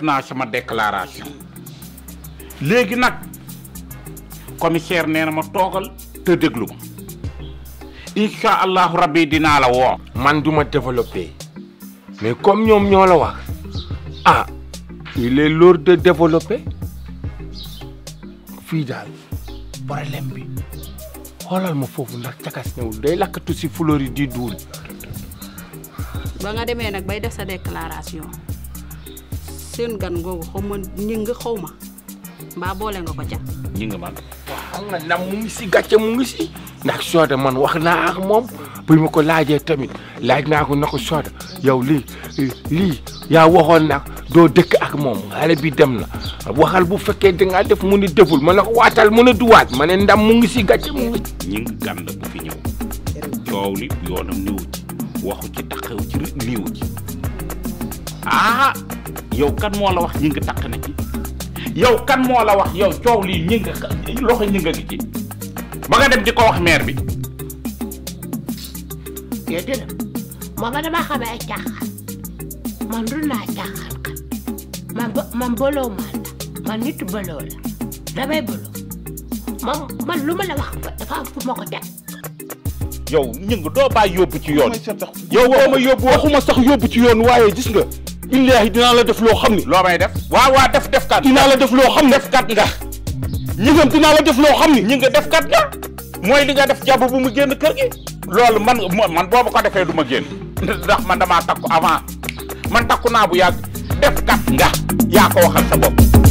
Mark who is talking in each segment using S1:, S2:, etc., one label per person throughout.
S1: def naa sama déclaration léegi nag commissaire nee na ma toogal te déglu ma incha allahu rabbi dinaa la woo. man du ma développé mais comme ñoom ñoo la wax ah il est l'heure de développer fii daal problème bi xoolal ma foofu ndax cakas ñëwul day lakkatu si
S2: fleur yi di duul.
S3: ba nga demee nag bay def sa déclaration. seen gan googu xaw ma ñëng xaw ma boole nga ko ca.
S1: ñëng ma waaw si gàcce mu ngi si ndax man wax naa ak moom bu ma ko laajee tamit laaj naa ko na ko Soda yow lii lii yaa waxoon na doo dëkk ak moom xale bi dem na waxal bu fekkee dangaa def mu ne deful ma ne ko waatal mu ne duwaat ma ne ndam mu ngi si gàcce mu ngi si. ñëng gan bu fi ñëw coow li yoonam ñëw ci waxu ci taxaw ci liiw ci. ah yow kan mo la wax ñi nga takk na ci yow kan mo la wax yow ciow li ñi nga loxo ñi nga ci ba nga dem di ko wax maire bi
S4: ma moom dama xamee ay caaxaan man du na caaxaan kan man man bolo man la man nit bolo la damay bolo man man luma la wax dafa fu ma ko teg yow ñëng
S1: doo bàyyi ci yoon yow waxuma yóbbu waxuma sax yóbbu ci yoon waye gis nga illaahi dinaa la def loo xam ni. loo may def waaw waaw def def kat. dinaa la def loo xam ne def kat nga. ñu ngam dinaa la def loo xam ni. ñu nga def kat nga. mooy li nga def jàpp bu mu génn kër gi. loolu man man boobu ko defee du ma génn. ndax man damaa takku avant man takku naa bu yàgg def kat nga yaa ko waxal sa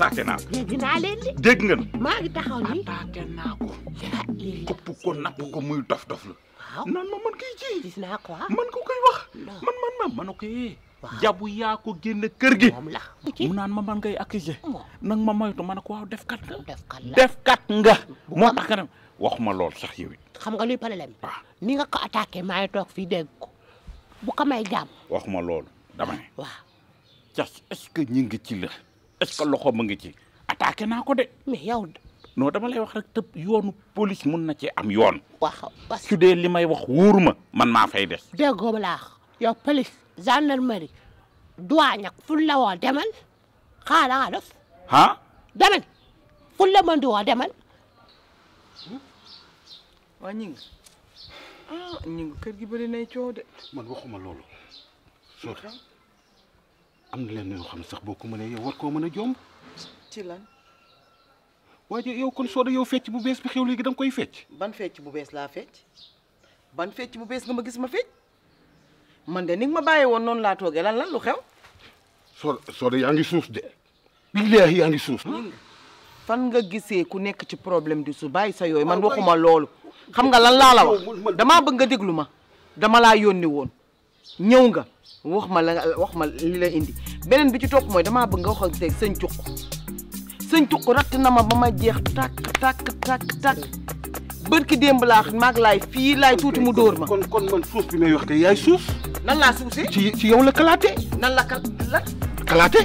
S1: attaqué naa ko.
S4: dinaa leen di. dégg ngeen. ma ngi taxaw ni attaqué naa ko.
S1: këpp ko nap ko muy dof-dof la.
S4: nan ma man kay ci gis na quoi man ko koy wax.
S1: man man man man ko yee. jabu ya ko genn keur gi. moom la mu nan ma man ngay accuser.
S4: nag ma moytu man ko waaw def kat nga. def kat nga
S1: mo tax kanam waxuma lol sax yewi
S4: xam nga luy problème ni nga ko attaqué ma ngi tok fi deg ko bu ko may jàmm.
S1: waxuma lol dama ne. waaw cas est-ce que ñu ngi ci la. est-ce que loxo ngi ci attaqué naa ko de mais yow non dama lay wax rek tëb yoonu police mun na ci am yoon waaw parce que su dee li may wax wóoru ma man maa fay des
S4: déggoo laax yow police gendarmerie douane ak fu la woo demal xaaraa def ah demal fu la man di woo demal wa ñi ngi ah ñi ngi kër gi bëri nay coow de
S2: man waxuma loolu soo am na leen yoo xam ne sax boo ko mënee yow war koo mën a jomb.
S5: ci lan. waa ji yow kon Soda yow fecc bu bees bi xew léegi da koy fecc. ban fecc bu bees laa fecc ban fecc bu bees nga ma gis ma fecc man de ni ma bàyyee woon noonu laa toogee lan lan lu xew.
S2: Soda Soda yaa ngi suuf de. billaahi yaa ngi suuf.
S5: fan nga gisee ku nekk ci problème di su bàyyi sa yooyu man ah, waxuma loolu.
S2: xam nga lan laa la wax
S5: damaa bëgg nga déglu ma dama laa yónni woon ñëw nga. wax ma la wax ma li la indi beneen bi ci topp mooy damaa bëgg nga wax ak teg sëñ cuq sëñ ratt na ma ba ma jeex tàkk tàkk tàkk tàkk bërki démb laa maag laay fii laay tuuti mu dóor ma. kon kon man suuf bi may wax te yaay suuf. nan la suusee. ci ci yow la kalaate.
S4: nan la kal la.
S5: kalaate.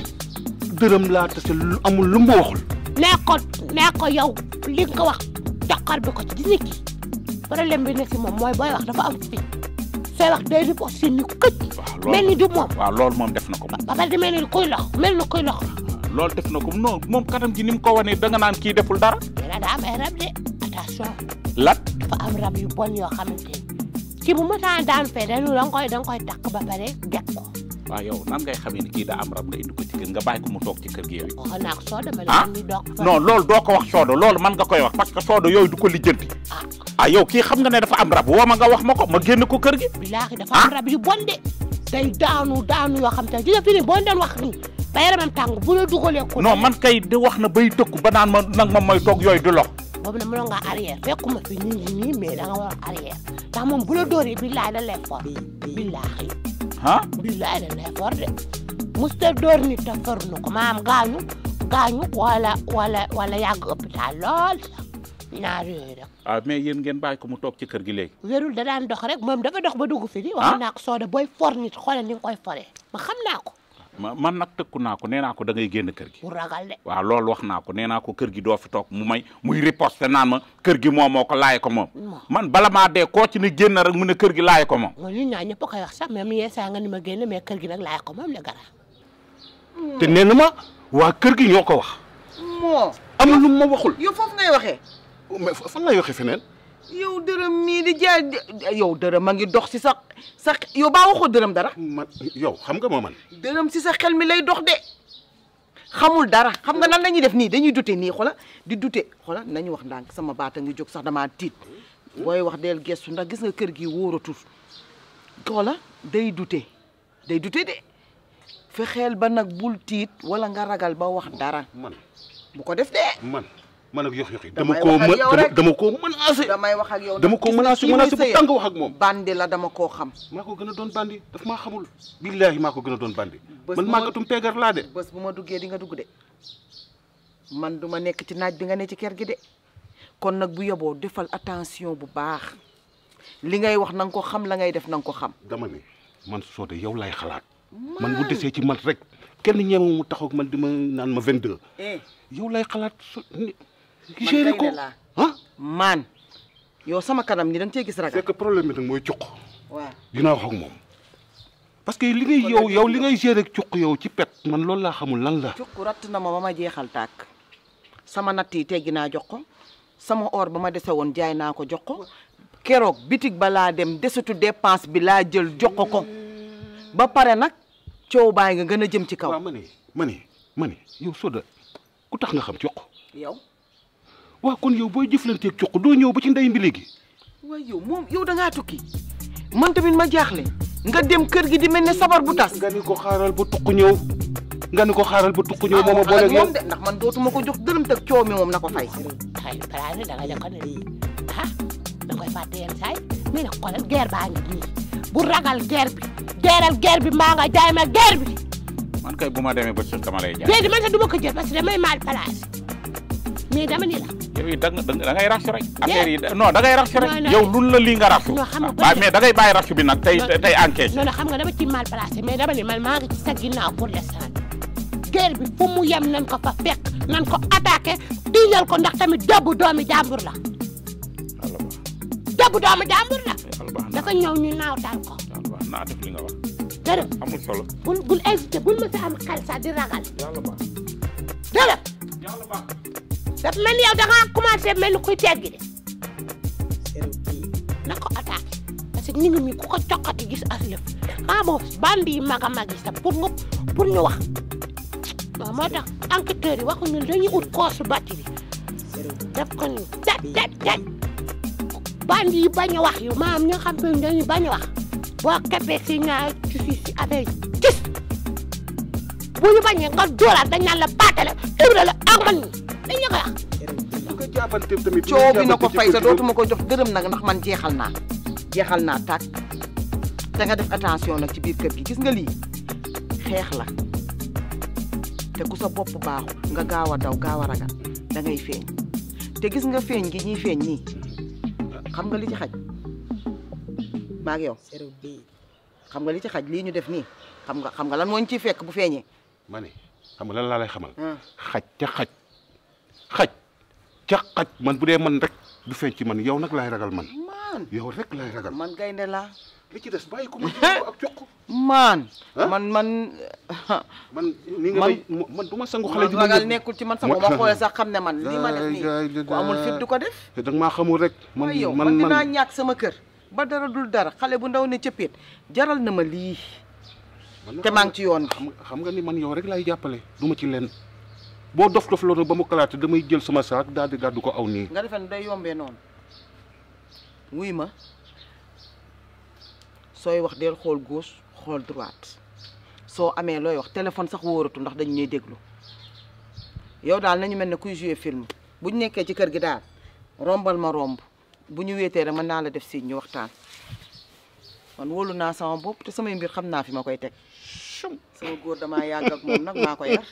S5: dërëm laa tase lu
S4: amul lu mu waxul. nee ko nee ko yow li ko wax joxar bi ko ci gis nga problème bi ne si moom mooy booy wax dafa am fi say wax day riposte si ñu këj.
S1: mel ni du moom waaw lool moom def na ko ba
S4: pare di mel ni kuy lox mel na kuy loolu
S1: def na ko non moom kanam gi ni mu ko wane da naan kii deful dara
S4: dana daa am ay rab de attention lat dafa am rab yu bu ma taan daan da nga koy da nga koy takk ba pare gek ko
S1: waaw am rab nga indi ko ci gi yooyu wax naa ko ma ah ko wax soodo loolu man nga koy wax parce que soodo yooyu du ko lijjanti ah, ah xam nga ne dafa am rab woo ma nga wax ma ko ma génn ko kër gi
S4: bilaahi dafa am ah? rab yu bon de day daanu daanu yoo xam te ne gis nga fi nii boo leen wax ba yaramam tàng bu la dugalee. ko non man
S1: kay di wax na bay dëkku ba naan ma nag ma may toog yooyu du lox.
S4: boobu nag mënoon ngaa arrière fi nii nii nii mais da nga war a arrière ndax moom bu la dóoree billaay da lay billaahi. ah billaay da lay for de. musta dóor nit te ko maam gaañu gaañu wala wala wala yàgg lool sax ñaar yooyu rek.
S1: a ah, mais yéen ngeen bàyyi ko mu toog ci kër gi léegi
S4: wérul da daan moom dafa dox ba dugg fi di wax ah? naa ko sooda booy for nit xoolal ni nga koy ma xam naa
S1: ko man nag tëkku naa ko nee ko da ngay génn kër gi
S4: bu ragal de waaw
S1: loolu wax naa ko nee naa ko kër gi doo fi toog mu may muy riposte naan ma kër gi moom moo ko laay ko moom man bala maa dee koo ci ne génn rek mu ne kër gi laay ko moom
S4: mo ñëpp koy wax sax même yeesaa nga ni ma génn mais kër gara
S1: te nee na ma waa kër gi ñoo ko
S6: wax
S4: moo amul lu ma waxul yow foofu ngay waxee
S5: Oh, mais fan lay waxee feneen. yow dërëm mii di jaay yow dërëm ma ngi dox si sa sax yow baa waxoo dërëm dara. man yow xam nga ma man. dërëm si sax xel mi lay dox de xamul dara xam nga nan la ñuy def nii dañuy dute nii xola di dute xola nañu wax ndànk sama baata ngi jóg sax damaa tiit booy wax del gestu ndax gis nga kër gi wóoratul xoola day dute day dute de fexeel ba nag bul tiit wala nga ragal ba wax dara. man ko def de. man ak yox yox
S2: dama koo dama koo
S5: menacé damay wax ak yow dama koo menacé bu tàng wax ak bandi la dama koo xam maa bandi daf maa
S2: xamul billaahi maa ko gën bandi man màggatum peegar laa de
S5: bés bu di nga dugg de man duma nekk ci naaj bi nga ne ci kër gi de kon nag bu defal attention bu baax li ngay wax na ko xam la ngay def na ko xam dama ne
S2: man soo yow lay xalaat man bu desee ci man rek kenn ñeemu mu taxok man dima naan ma 22
S5: eh. yow lay xalaat gisee ko ah maan yow sama kanam ni dañ cee gis ragal c'est que problème bi nag mooy cuq waaw
S2: dinaa wax moom parce que li ngay yow yow li ngay gérer cuq yow ci pet man loolu laa xamul lan la cuq
S5: ratt na ma ba ma jeexal tàkk sama natt yi gi naa jox ko sama or ba ma dese woon jaay naa ko jox ko keroog bitig balaa dem desutu dépense bi laa jël jox ko ko ba pare nag coow baay nga gën a jëm ci kaw waaw ma ma ne ma ne yow Soda
S2: tax nga xam cuq yow waa kon yow jëflanté ak cuq do ñëw ba ci nday mbi légui
S5: waaw yow mom yow da nga tukki man tamit ma jaxlé nga dem kër gi di melni sabar bu tass nga ni ko xaaral ba tukku ñëw nga ni ko xaaral ba tukku ñëw mooma booleeg ah, yow ndax man dootuma ko jox dërëm tak coow mi moom na ko fay xaalis da nga jox ko ne gerbi, ah,
S4: da koy fàtte yenn saay mais nag xoolal guerre ba ngi nii bu ragal guerre bi geeral guerre bi ma nga jaay ma guerre bi
S1: man kay buma démé ba ci sama lay jaay dédi
S4: man sa duma ko jël parce que damay mal place mais dama ni la
S1: yow it da ngay rek. affaire yi non da ngay raxu rek. yow lun la lii nga raxu. non xam nga da ngay bàyyi raxu bi nag tey tey enquête.
S4: ci mal placé mais dama ne man maa ngi ci sa ginnaaw pour l'instant. guerre bi fu yem nan ko fa fekk nan ko attaqué diñal ko ndax tamit dëbb doomi jàmbur la. dëbb doomi jàmbur la. dafa ñëw ñu naaw taal ko.
S1: naa def li nga wax.
S4: dërëm amul solo. bul bul invité bul ma sa am xel sax di ragal. dafa mel ni yow da ngaa commencé mel ni kuy teggi de. na ko parce que ñu ngi ku ko coqati gis as lëf bandi yi mag a mag yi sax pour nga pour ñu wax waaw moo tax enquêteurs yi waxuñu dañuy ut koosu bàtt bi def ko ni dat dat dat bandi yi bañ a wax yu maam ñoo xam ne dañuy bañ a wax boo keppee si ñaar ci si si affaire yi gis bu ñu bañee nga dóoraat dañ naan la baatale ibra la ak dañ
S5: na ko fay te dootuma ko jox dërëm nag ndax man jeexal naa jeexal naa tàkk te nga def attention nag ci biir kër gi gis nga lii xeex la te ku sa bopp baaxul nga gaaw a daw gaaw a ragal da ngay feeñ te gis nga feeñ gi ñuy feeñ nii xam nga li ci xaj maa ngi yow xam nga li ci xaj lii ñu def nii xam nga xam nga lan moo ñu ciy fekk bu feeñee. ma ne
S2: xam nga lan laa lay xamal. Ah. xaj te xaj. xaj ca man bu dee man rek du feeñ ci man yow nag lay
S5: ragal man. man yow rek laay ragal. man gaynde laa. li ci des bàyyi ko ma man ah? man man. man ni man du ma sangu xale. ju ragal nekkul ci man sama ma xoolee sax xam ne man li ma def nii ku amul fit du ko def.
S2: te danga maa xamul rek. man man yow man dinaa
S5: ñàkk sama kër. ba dara dul dara xale bu ndaw ne cëppeet jaral na ma lii. te maa ci yoon xam nga ni man yow rek laay jàppale du ma ci leen. bo
S2: dof dof lolu bamou mu damay jël sama sac dal di gàddu ko aw ni
S5: nga defal ne day yombee noonu wuy ma sooy wax del xol gauche xol droite so amé loy wax téléphone sax woratu ndax dañ ñuy déglu yow dal nañu melni kuy jouer film bu ñu nekkee ci kër gi dal rombal ma romb bu ñu weetee rek man na la def si ñu waxtaan man woluna sama bop te sama mbir xamna fi makoy tek chum sama góor damaa yàgg ak moom nag maa ko yar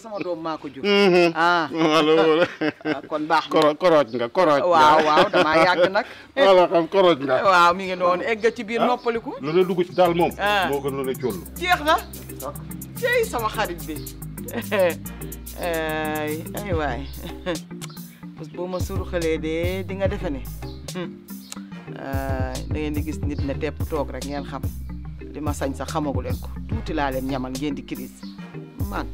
S5: sama doom maa ko jur mm-hmm. ah wala ah, kon baax na korooj nga korooj waaw waaw damaa yàgg
S2: nag wala xam korooj nga waaw mi ngi noonu
S5: egg ci biir ah. noppaliku
S2: lu la dugg ci daal moom ah. moo gën lu la cóll
S5: jeex na tey sama xarit bi ay ay waay boo ma suruxalee de di nga defe ne hmm. da ngeen di gis nit ne tepp toog rek ngeen xam li ma sañ sax xamagu ya leen ko tuuti laa leen ñamal ngeen di crise man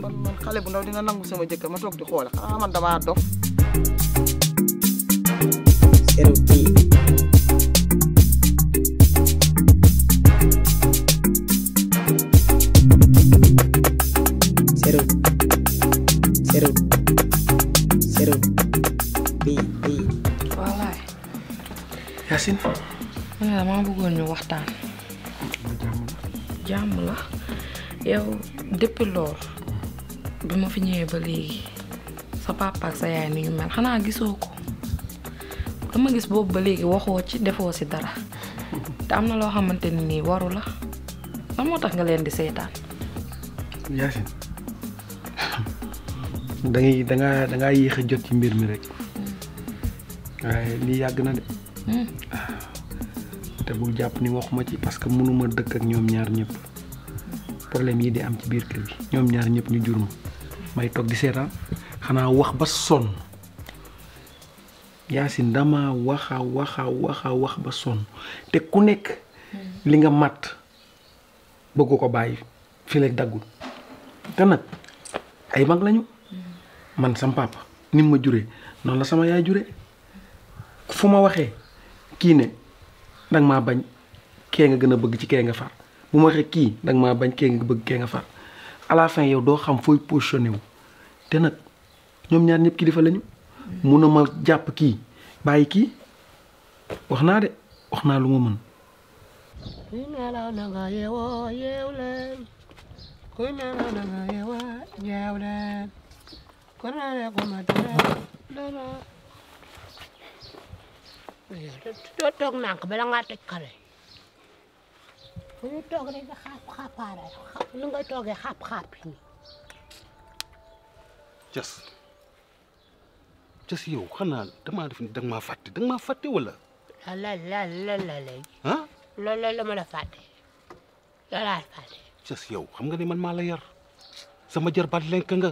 S5: man man xale bu ndaw dina nangu sama jëkkër ma toog di xoole xanaa man damaa dof
S3: Ini lama aku bëggoon nyuwah tan jamm la yow depuis lor bima fi ñëwee ba léegi sa papa ak sa yaay ni ñu mel xanaa gisoo ko dama gis boobu ba léegi waxoo ci defoo ci dara te am na loo xamante ni nii waru la lan moo tax nga leen di seetaan.
S6: Yacine da ngay da nga da ngaa yéex a jot ci mbir mi rek mm. waaye lii yàgg na de.
S3: Mm. Ah
S6: te bul japp ni waxuma ci parce que mënuma dëkk ak ñoom ñaar ñëpp problème yi di am ci biir kër bi ñoom ñaar ñëpp ñu jurum ma may tok di sétan xanaa wax ba son yaasin dama waxa waxa waxa wax ba son te ku nekk li nga mat bëgg ko bàyyi fi lek dagul te nag ay mag lañu man sam papa nim ma juré non la sama yaay juré fu ma danga maa bañ kee nga gën a bëgg ci kee nga far bu ma waxee kii danga maa bañ kee nga bëgg kee nga far à la doo xam fooy positionné wu te nag ñoom ñaar ñëpp kilifa lañu mun a ma jàpp kii bàyyi kii wax naa de wax naa lu ma mën.
S4: doo toog nànk bala ngaa toj xale bu ñu toog rek nga xaap xaapaare lu ngay toogee xaap xaap yi nii.
S2: Jas. Jas yow xanaa damaa def ni danga maa fàtte danga maa fàtte wala.
S4: la la la la léegi. ah loolu la ma la fàtte loolu laa fàtte.
S2: Jas yow xam nga ne man maa la yar sama jarbaat lenk nga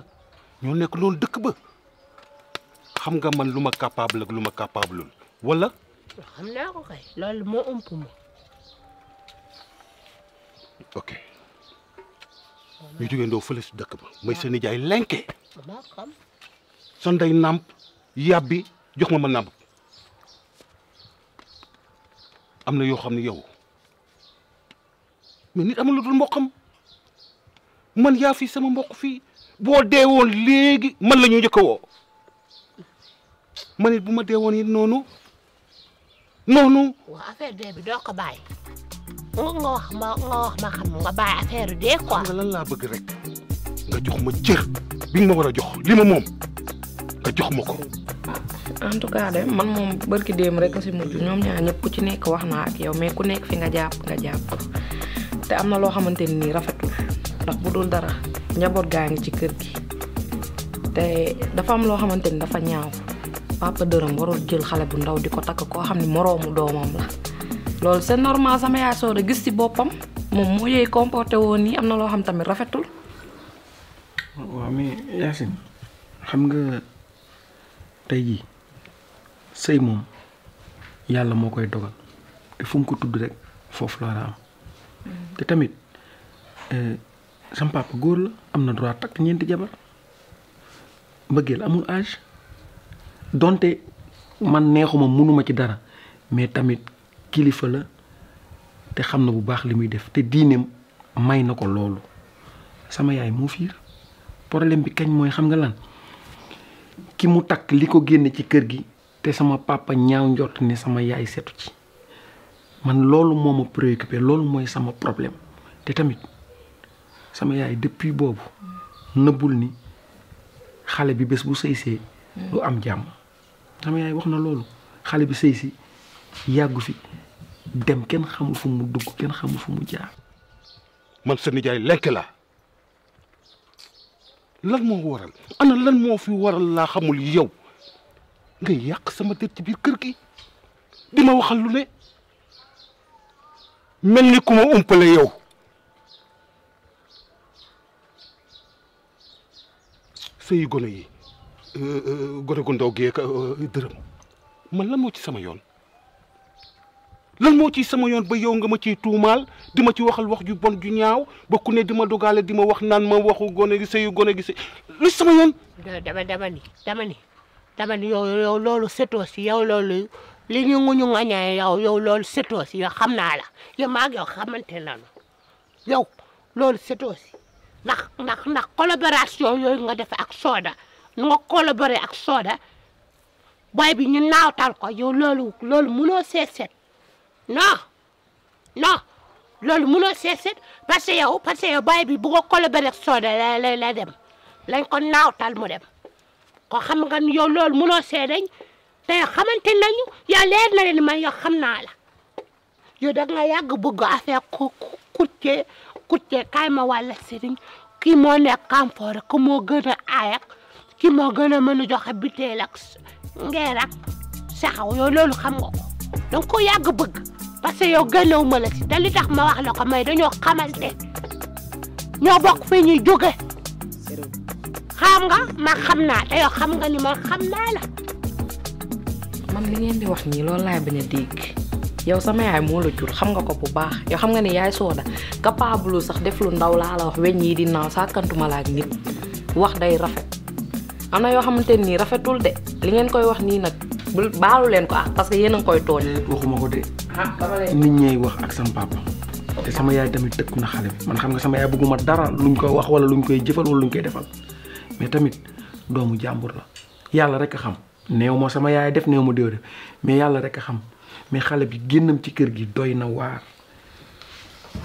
S2: ñoo nekk loolu dëkk ba xam nga man lu ma capable ak lu ma wala.
S4: xam naa ko kay loolu moo
S2: ok ñu jógee ndoo fële si dëkk ma may sa nijaay lenke sa ndey nàmp yàbbi jox ma ma namp am na yoo xam ne yow mais nit amul dul mboqam man yaa fi sama mbokk fi boo deewoon léegi man la ñu njëkk woo man it bu ma deewoon noonu nonu
S4: wa affaire de bi do ko bay nga wax ma nga
S3: wax ma xam nga bay affaire de quoi nga lan laa bëgg rek
S2: nga jox ma cër bi nga wara jox lima mom nga jox mako
S3: en tout cas de man mom barki dem rek ci muju ñom ñaar ñëpp ku ci nekk wax na ak yow mais ku nekk fi nga japp nga japp te amna lo xamanteni ni nii rafetul ndax bu dul dara njaboot gaangi ci kër gi te dafa am lo xamanteni dafa ñaaw papa dërëm moro jël xalé bu ndaw di ko xamni koo xam la lol c'est normal sama ya so de gisti bopam mom moom comporté woon nii am na xam tamit rafetul.
S6: wa mi Yacine xam nga tay ji sey mom yalla mo koy dogal te fum ko tudd rek foofu la ram te tamit euh, sama papa gor la amna droit tak ñent jabar mbëggeel amul âge donte man neexuma mënuma ci dara mais tamit kilifa la te xamna bu baax limuy def te diine may nako ko sama yaay mo fiir problème bi kagn moy xam nga lan ki mu tak liko ko ci kër gi te sama papa ñaaw ndiot ne sama yaay setu ci man lolu moma préoccupé lolu moy sama problème te tamit sama yaay depuis bobu nëbbul ni xalé bi bes bu seysé lu am jamm sama yaay wax na loolu xale bi sëy si yàggu fi dem kenn xamul fu mu dugg kenn xamul fu mu jaar.
S2: man sa nijaay lekk la
S6: lan moo waral
S2: ana lan moo fi waral laa xamul yow ngay yàq sama dër biir kër gi di ma waxal lu ne mel ni ku ma umpale yow sëyi gone yi Euh, euh, gone gu ndaw gee euh, dërëm man lan moo ci sama yoon lan moo ci sama yoon ba yow nga ma ci tuumaal di ma ci waxal wax ju bon ju ñaaw ba ku ne di ma dogaale di ma wax naan ma waxu gone gi sëyu gone gi sëy
S4: lu sama yoon. dama dama ni dama ni loolu setoo si yow loolu li ñu ngu ñu ŋaññee yow yow loolu setoo si yow xam naa la yow maa ngi yow xamante nañu yow loolu setoo si ndax ndax ndax collaboration yooyu nga def ak Soda. nu nga collaboré ak Soda boy bi ñu naawtal ko yow loolu loolu mënoo seeset non non loolu mënoo seeset parce que yow parce que yow bi bu nga collaboré ak Soda la la la dem lañ ko naawtal mu dem ko xam nga yow loolu mënoo seedeñ te xamante nañu yow leer na leen man yow xam naa la yow da nga yàgg bëgg affaire ku courtier courtier kaay ma wàlla sëriñ kii moo nekk kamfoore ko moo gën a ki mo gëna mëna joxe bitel ak ngeer ak saxaw yo loolu xam nga ko danga ko yag bëgg parce que yow gënaw mëna ci dali tax ma wax la ko may dañoo xamante ño bok fi ñuy joggé xam nga ma xamna naa te yow xam nga ni ma xamna la
S3: man li ngeen di wax ni loolu lay bëna dégg yow sama yaay moo la jur xam nga ko bu baax yow xam nga ni yaay sooda capable sax def lu ndaw laa la wax weñ yi di naaw sàkkantuma la ak nit wax day rafet am na yoo xamante nii rafetul de li ngeen koy wax nii nag bul baalu leen ko ah parce que yéen koy tooñ. waxuma ko de. Ah,
S6: nit ñay wax ak sama papa. te sama yaay tamit dëkku na xale bi man xam nga sama yaay bëgguma dara luñ koy wax wala luñ koy jëfal wala luñ koy mais tamit doomu jàmbur la yàlla rek xam néew ma sama yaay def néew ma déw def mais yàlla rek a xam mais xale bi génnam ci kër gi doy na waar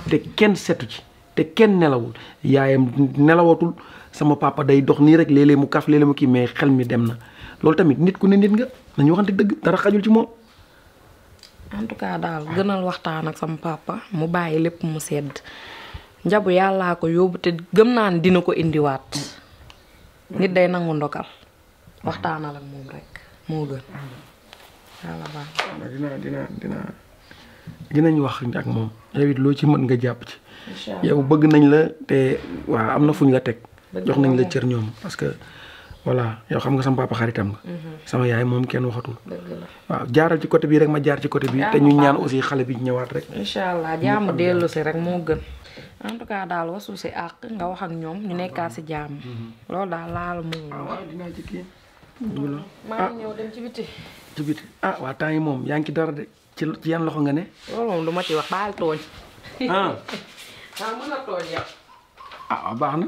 S6: te kenn setu ci te kenn nelawul yaayam nelawatul sama papa day dox ni rek léeg mu kaf léeg mu ki mais xel mi dem na lol tamit nit ku ne nit nga nañu waxante deug dara xajul ci mom
S3: en tout cas dal gënal waxtaan ak sama papa mu bayyi lepp mu sedd njabu yalla ko yobu te gëm naan dina ko wat nit day nangu ndokal waxtaan ak mom rek mo gën. yalla ba dina dina dina
S6: dinañ wax ak mom rewit lo ci mën nga japp ci. yow bëgg nañ la té wa amna fuñ la tek jox nañ la cër ñoom parce que voilà yow xam nga sama papa xaritam nga. Mhm. sama yaay moom kenn waxatul. waaw jaaral ci côté bii rek ma jaar ci côté bi ah, te ñu ñaan aussi xale bi ñëwaat rek. incha
S3: allah jaamu dellu si rek moo gën. en tout cas daal wasu si àq nga wax ak ñoom ñu nekkaat si jaamu. Mhm. loolu daal laal moom ah, ah. yi
S6: moom yaa ngi ci dara de ci ci yan loolu
S3: moom du ma ci wax baal tooñ. ah.
S6: ah baax na.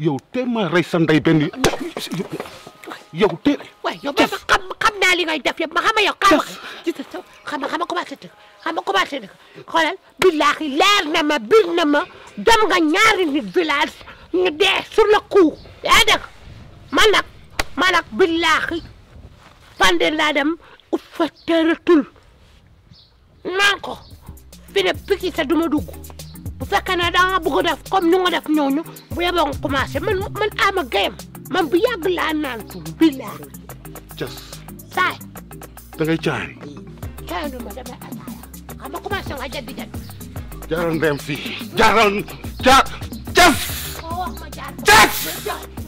S2: yow tee ma rey sa ndey benn
S4: yow tee. waay yow ma xam xam naa li ngay def yëpp ma xam yow. xam nga commencé dëkk xam nga commencé dëkk xoolal billaahi leer na ma bir na ma dem nga ñaari nit village ñu dee sur le coup. yaa dëkk man nag man nag billaahi fande laa dem uffa teeratul naan ko fi ne piki sa duma dugg. fekkene da nga bëgg def comme ñu nga def ñooñu bu yeboo nga commencé man man ama gayam man bu yàgg laa naan tu billah laa. say da ngay caay. caayanu ma damay ataaya xam nga commencé nga jaddi jaddi.
S2: jaaral ndem fii jaaral jaar
S4: Cas. Cas.